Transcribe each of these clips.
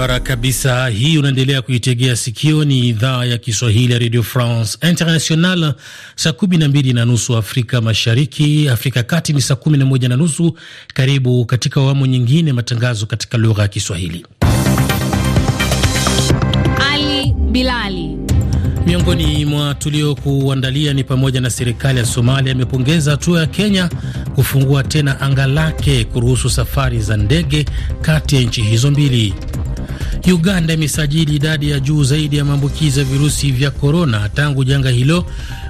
Barabara kabisa, hii unaendelea kuitegea sikio, ni idhaa ya Kiswahili ya Radio France International. Saa kumi na mbili na nusu Afrika Mashariki, Afrika Kati ni saa kumi na moja na nusu. Karibu katika awamu nyingine, matangazo katika lugha ya Kiswahili. Ali Bilali miongoni mwa tuliokuandalia ni pamoja na serikali ya Somalia imepongeza hatua ya Kenya kufungua tena anga lake kuruhusu safari za ndege kati ya nchi hizo mbili. Uganda imesajili idadi ya juu zaidi ya maambukizi ya virusi vya korona tangu janga hilo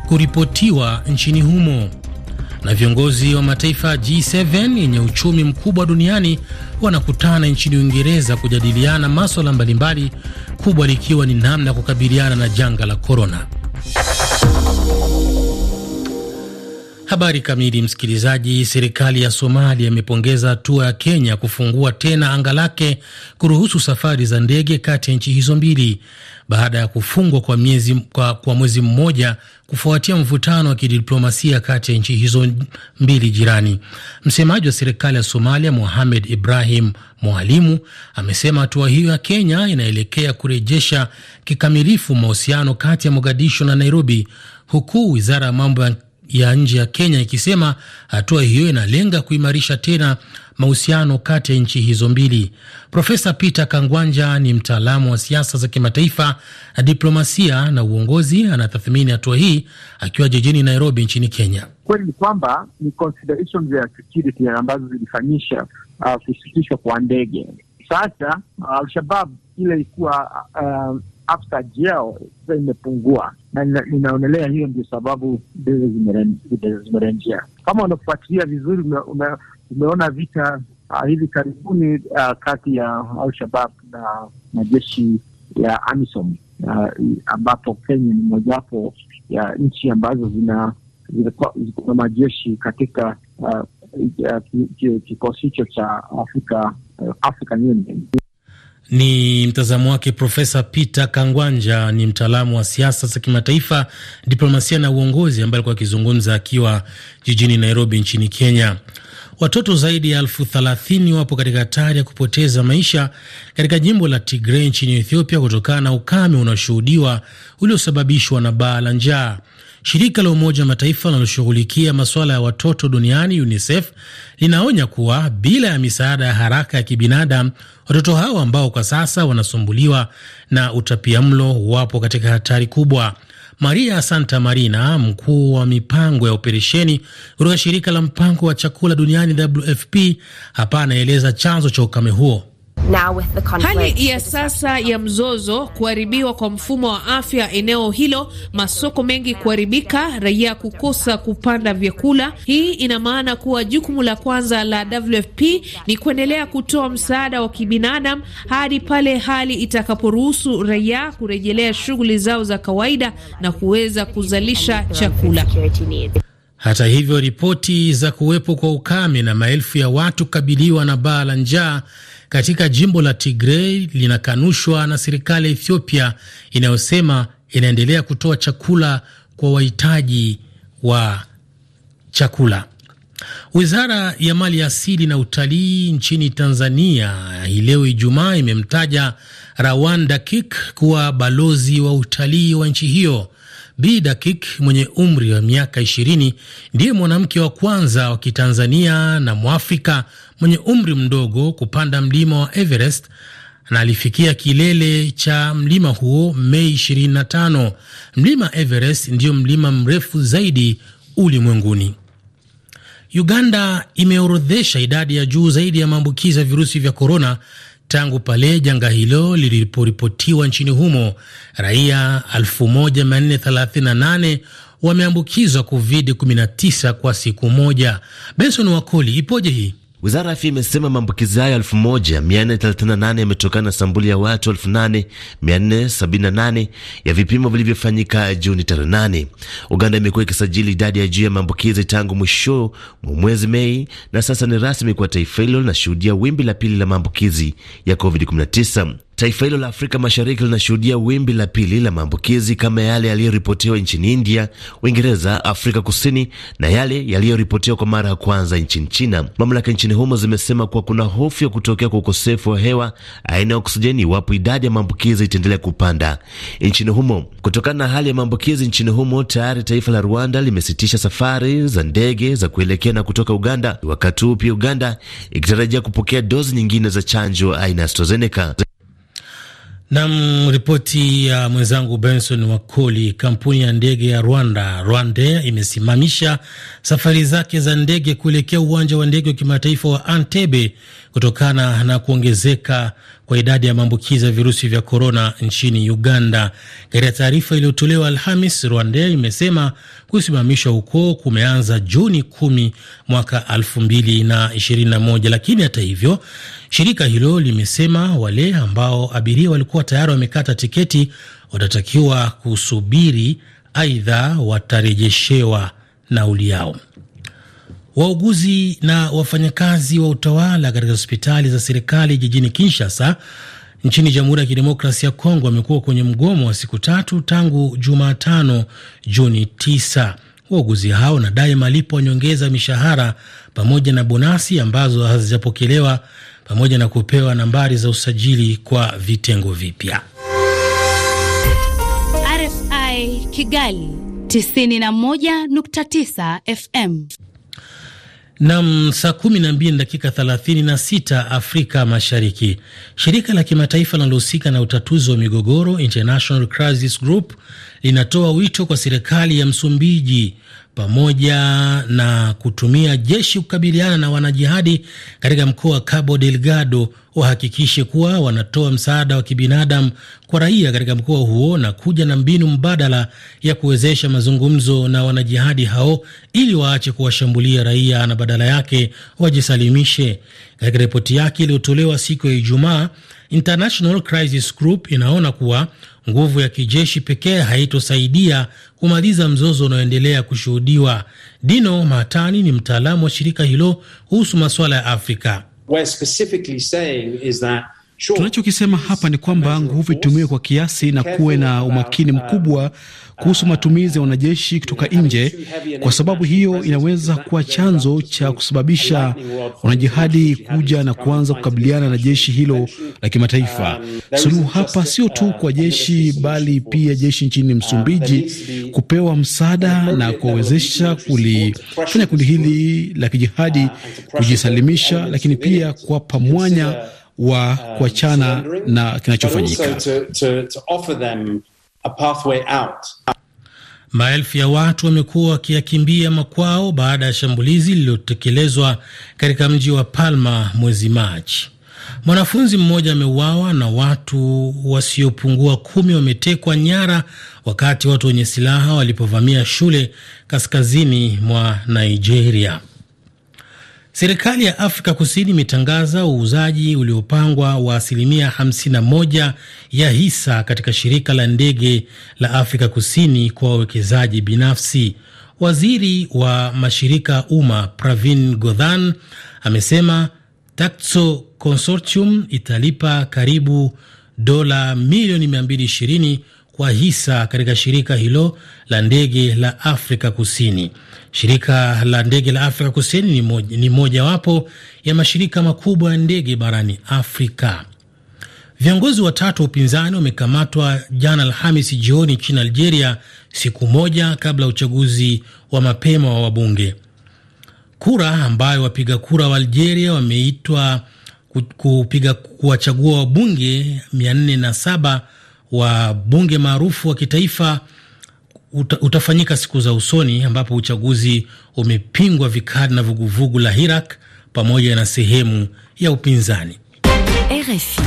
kuripotiwa nchini humo. Na viongozi wa mataifa G7 yenye uchumi mkubwa duniani wanakutana nchini Uingereza kujadiliana maswala mbalimbali, kubwa likiwa ni namna ya kukabiliana na janga la korona. Habari kamili, msikilizaji. Serikali ya Somalia imepongeza hatua ya Kenya kufungua tena anga lake kuruhusu safari za ndege kati ya nchi hizo mbili baada ya kufungwa kwa miezi, kwa, kwa mwezi mmoja kufuatia mvutano wa kidiplomasia kati ya nchi hizo mbili jirani. Msemaji wa serikali ya Somalia Mohamed Ibrahim Mwalimu amesema hatua hiyo ya Kenya inaelekea kurejesha kikamilifu mahusiano kati ya mogadisho na Nairobi, huku wizara ya mambo ya ya nje ya Kenya ikisema hatua hiyo inalenga kuimarisha tena mahusiano kati ya nchi hizo mbili. Profesa Peter Kangwanja ni mtaalamu wa siasa za kimataifa na diplomasia na uongozi, anatathmini hatua hii akiwa jijini Nairobi nchini Kenya. Kweli ni kwamba ni considerations ya security ambazo zilifanyisha uh, kusitishwa kwa ndege. Sasa uh, Alshabab ile ilikuwa uh, upsurge yao sasa imepungua, na ninaonelea hiyo ndio sababu bei zimerenjia. Kama unafuatilia vizuri, umeona vita uh, hivi karibuni uh, kati ya Al-Shabab na majeshi ya AMISOM uh, ambapo Kenya ni mojawapo ya nchi ambazo zina majeshi katika uh, kikosi hicho cha Afrika uh, African Union. Ni mtazamo wake Profesa Peter Kangwanja, ni mtaalamu wa siasa za kimataifa, diplomasia na uongozi, ambaye alikuwa akizungumza akiwa jijini Nairobi nchini Kenya. Watoto zaidi ya elfu thelathini wapo katika hatari ya kupoteza maisha katika jimbo la tigrei nchini Ethiopia kutokana na ukame unaoshuhudiwa uliosababishwa na baa la njaa. Shirika la Umoja wa Mataifa linaloshughulikia masuala ya watoto duniani UNICEF linaonya kuwa bila ya misaada ya haraka ya kibinadamu, watoto hao ambao kwa sasa wanasumbuliwa na utapiamlo wapo katika hatari kubwa. Maria Santa Marina, mkuu wa mipango ya operesheni kutoka shirika la mpango wa chakula duniani WFP, hapa anaeleza chanzo cha ukame huo. Hali ya sasa ya mzozo, kuharibiwa kwa mfumo wa afya eneo hilo, masoko mengi kuharibika, raia kukosa kupanda vyakula. Hii ina maana kuwa jukumu la kwanza la WFP ni kuendelea kutoa msaada wa kibinadamu hadi pale hali itakaporuhusu raia kurejelea shughuli zao za kawaida na kuweza kuzalisha chakula. Hata hivyo, ripoti za kuwepo kwa ukame na maelfu ya watu kukabiliwa na baa la njaa katika jimbo la tigrei linakanushwa na serikali ya Ethiopia inayosema inaendelea kutoa chakula kwa wahitaji wa chakula. Wizara ya mali ya asili na utalii nchini Tanzania hii leo Ijumaa imemtaja Rawan Dakik kuwa balozi wa utalii wa nchi hiyo. Bi Dakik mwenye umri wa miaka 20 ndiye mwanamke wa kwanza wa Kitanzania na Mwafrika mwenye umri mdogo kupanda mlima wa Everest na alifikia kilele cha mlima huo Mei 25. Mlima Everest ndiyo mlima mrefu zaidi ulimwenguni. Uganda imeorodhesha idadi ya juu zaidi ya maambukizi ya virusi vya korona tangu pale janga hilo liliporipotiwa nchini humo. Raia 1438 wameambukizwa covid-19 kwa siku moja. Benson Wakoli, ipoje hii? Wizara ya afya imesema maambukizi hayo 1438 yametokana na sambuli ya watu 8478 ya vipimo vilivyofanyika Juni 8. Uganda imekuwa ikisajili idadi ya juu ya maambukizi tangu mwisho mwa mwezi Mei, na sasa ni rasmi kwa taifa hilo linashuhudia wimbi la pili la maambukizi ya COVID-19. Taifa hilo la Afrika Mashariki linashuhudia wimbi la pili la maambukizi kama yale yaliyoripotiwa nchini India, Uingereza, Afrika Kusini na yale yaliyoripotiwa kwa mara ya kwanza nchini China. Mamlaka nchini humo zimesema kuwa kuna hofu ya kutokea kwa ukosefu wa hewa aina ya oksijeni iwapo idadi ya maambukizi itaendelea kupanda nchini humo. Kutokana na hali ya maambukizi nchini humo, tayari taifa la Rwanda limesitisha safari za ndege za kuelekea na kutoka Uganda, wakati huu pia Uganda ikitarajia kupokea dozi nyingine za chanjo aina ya AstraZeneca. Nam, ripoti ya mwenzangu Benson Wakoli. Kampuni ya ndege ya Rwanda Rwanda imesimamisha safari zake za ndege kuelekea uwanja wa ndege wa kimataifa wa Antebe kutokana na kuongezeka kwa idadi ya maambukizi ya virusi vya korona nchini Uganda. Katika taarifa iliyotolewa Alhamis, Rwanda imesema kusimamishwa huko kumeanza Juni 10 mwaka 2021, lakini hata hivyo Shirika hilo limesema wale ambao abiria walikuwa tayari wamekata tiketi watatakiwa kusubiri, aidha watarejeshewa nauli yao. Wauguzi na wafanyakazi wa utawala katika hospitali za serikali jijini Kinshasa nchini Jamhuri ya Kidemokrasia ya Kongo wamekuwa kwenye mgomo wa siku tatu tangu Jumatano Juni 9. Wauguzi hao wanadai malipo ya nyongeza mishahara pamoja na bonasi ambazo hazijapokelewa pamoja na kupewa nambari za usajili kwa vitengo vipya. RFI Kigali 91.9 FM. Nam, saa 12 na dakika 36 Afrika Mashariki. Shirika la kimataifa linalohusika na utatuzi wa migogoro International Crisis Group linatoa wito kwa serikali ya Msumbiji pamoja na kutumia jeshi kukabiliana na wanajihadi katika mkoa wa Cabo Delgado wahakikishe kuwa wanatoa msaada wa kibinadamu kwa raia katika mkoa huo na kuja na mbinu mbadala ya kuwezesha mazungumzo na wanajihadi hao ili waache kuwashambulia raia na badala yake wajisalimishe. Katika ripoti yake iliyotolewa siku ya Ijumaa, International Crisis Group inaona kuwa nguvu ya kijeshi pekee haitosaidia kumaliza mzozo unaoendelea kushuhudiwa. Dino Matani ni mtaalamu wa shirika hilo kuhusu masuala ya Afrika. We're specifically saying is that Tunachokisema hapa ni kwamba nguvu itumiwe kwa kiasi na kuwe na umakini uh, mkubwa kuhusu matumizi ya wanajeshi kutoka nje, kwa sababu hiyo inaweza kuwa chanzo cha kusababisha wanajihadi kuja na kuanza kukabiliana na jeshi hilo la kimataifa. Um, Suluhu hapa sio tu uh, kwa jeshi, bali pia jeshi nchini um, Msumbiji kupewa msaada na kuwawezesha kulifanya kundi hili la kijihadi uh, kujisalimisha, lakini pia kuwapa mwanya wa um, kuachana na kinachofanyika. Maelfu ya watu wamekuwa wakiyakimbia makwao baada ya shambulizi lililotekelezwa katika mji wa Palma mwezi Machi. Mwanafunzi mmoja ameuawa na watu wasiopungua kumi wametekwa nyara wakati watu wenye silaha walipovamia shule kaskazini mwa Nigeria. Serikali ya Afrika Kusini imetangaza uuzaji uliopangwa wa asilimia 51 ya hisa katika shirika la ndege la Afrika Kusini kwa wawekezaji binafsi. Waziri wa mashirika umma Pravin Gordhan amesema Takso Consortium italipa karibu dola milioni 220 wa hisa katika shirika hilo la ndege la Afrika Kusini. Shirika la ndege la Afrika Kusini ni mojawapo moja ya mashirika makubwa ya ndege barani Afrika. Viongozi watatu wa upinzani wamekamatwa jana Alhamisi jioni nchini Algeria, siku moja kabla ya uchaguzi wa mapema wa wabunge. Kura ambayo wapiga kura wa Algeria wameitwa kupiga kuwachagua wabunge 407 wa bunge maarufu wa kitaifa uta, utafanyika siku za usoni, ambapo uchaguzi umepingwa vikali na vuguvugu la Hirak pamoja na sehemu ya upinzani. RFI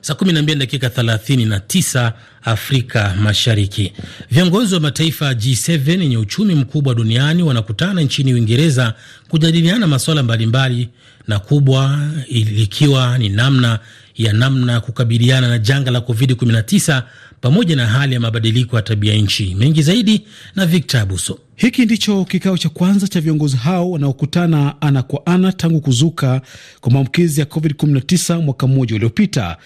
Saa 12 dakika 39 Afrika Mashariki. Viongozi wa mataifa G7 yenye uchumi mkubwa duniani wanakutana nchini Uingereza kujadiliana masuala mbalimbali, na kubwa ikiwa ni namna ya namna ya kukabiliana na janga la COVID-19 pamoja na hali ya mabadiliko ya tabia nchi. Mengi zaidi na Victor Abuso. Hiki ndicho kikao cha kwanza cha viongozi hao wanaokutana ana kwa ana tangu kuzuka kwa maambukizi ya COVID-19 mwaka mmoja uliopita.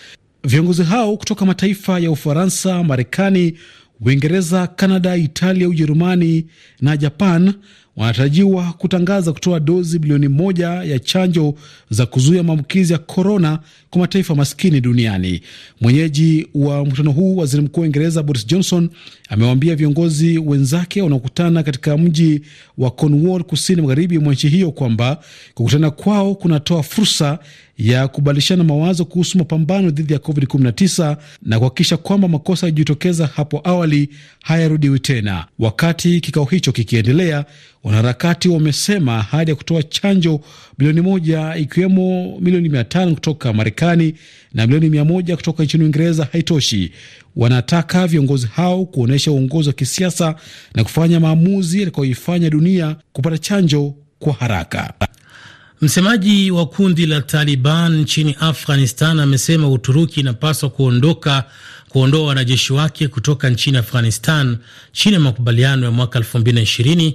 Viongozi hao kutoka mataifa ya Ufaransa, Marekani, Uingereza, Kanada, Italia, Ujerumani na Japan wanatarajiwa kutangaza kutoa dozi bilioni moja ya chanjo za kuzuia maambukizi ya korona kwa mataifa maskini duniani. Mwenyeji wa mkutano huu, waziri mkuu wa Uingereza Boris Johnson amewaambia viongozi wenzake wanaokutana katika mji wa Cornwall, kusini magharibi mwa nchi hiyo, kwamba kukutana kwao kunatoa fursa ya kubadilishana mawazo kuhusu mapambano dhidi ya COVID-19 na kuhakikisha kwamba makosa yaliyojitokeza hapo awali hayarudiwi tena. Wakati kikao hicho kikiendelea, wanaharakati wamesema ahadi ya kutoa chanjo milioni moja ikiwemo milioni mia tano kutoka Marekani na milioni mia moja kutoka nchini Uingereza haitoshi. Wanataka viongozi hao kuonyesha uongozi wa kisiasa na kufanya maamuzi yatakayoifanya dunia kupata chanjo kwa haraka. Msemaji wa kundi la Taliban nchini Afghanistan amesema Uturuki inapaswa kuondoka kuondoa wanajeshi wake kutoka nchini Afghanistan chini ya makubaliano ya mwaka 2020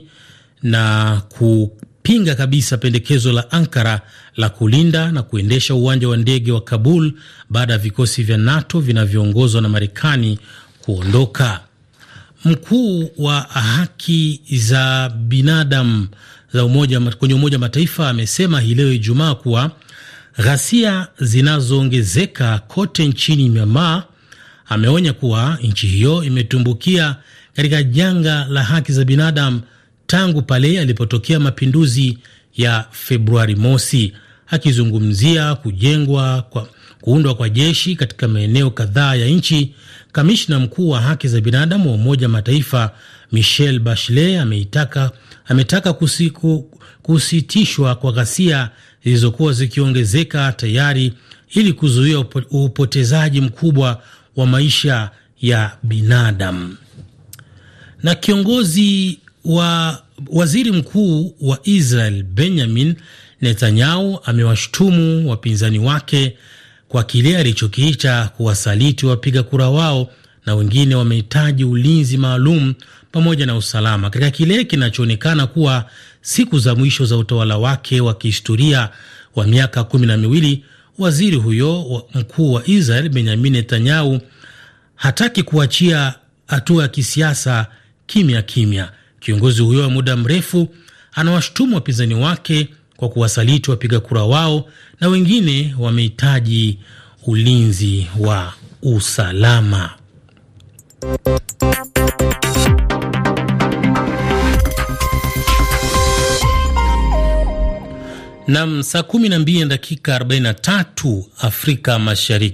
na kupinga kabisa pendekezo la Ankara la kulinda na kuendesha uwanja wa ndege wa Kabul baada ya vikosi vya NATO vinavyoongozwa na Marekani kuondoka. Mkuu wa haki za binadamu za umoja, kwenye Umoja wa Mataifa amesema hii leo Ijumaa kuwa ghasia zinazoongezeka kote nchini Myanmar. Ameonya kuwa nchi hiyo imetumbukia katika janga la haki za binadamu tangu pale alipotokea mapinduzi ya Februari mosi, akizungumzia kujengwa kwa kuundwa kwa jeshi katika maeneo kadhaa ya nchi. Kamishna mkuu wa haki za binadamu wa Umoja Mataifa michel Bachelet ameitaka ametaka kusiku, kusitishwa kwa ghasia zilizokuwa zikiongezeka tayari ili kuzuia upotezaji mkubwa wa maisha ya binadamu. Na kiongozi wa waziri mkuu wa Israel Benjamin Netanyahu amewashutumu wapinzani wake kwa kile alichokiita kuwasaliti wapiga kura wao, na wengine wamehitaji ulinzi maalum pamoja na usalama katika kile kinachoonekana kuwa siku za mwisho za utawala wake wa kihistoria wa miaka kumi na miwili. Waziri huyo mkuu wa Israel Benyamin Netanyahu hataki kuachia hatua ya kisiasa kimya kimya. Kiongozi huyo wa muda mrefu anawashutumu wapinzani wake kwa kuwasaliti wapiga kura wao na wengine wamehitaji ulinzi wa usalama. Nam, saa 12 na dakika 43 Afrika Mashariki.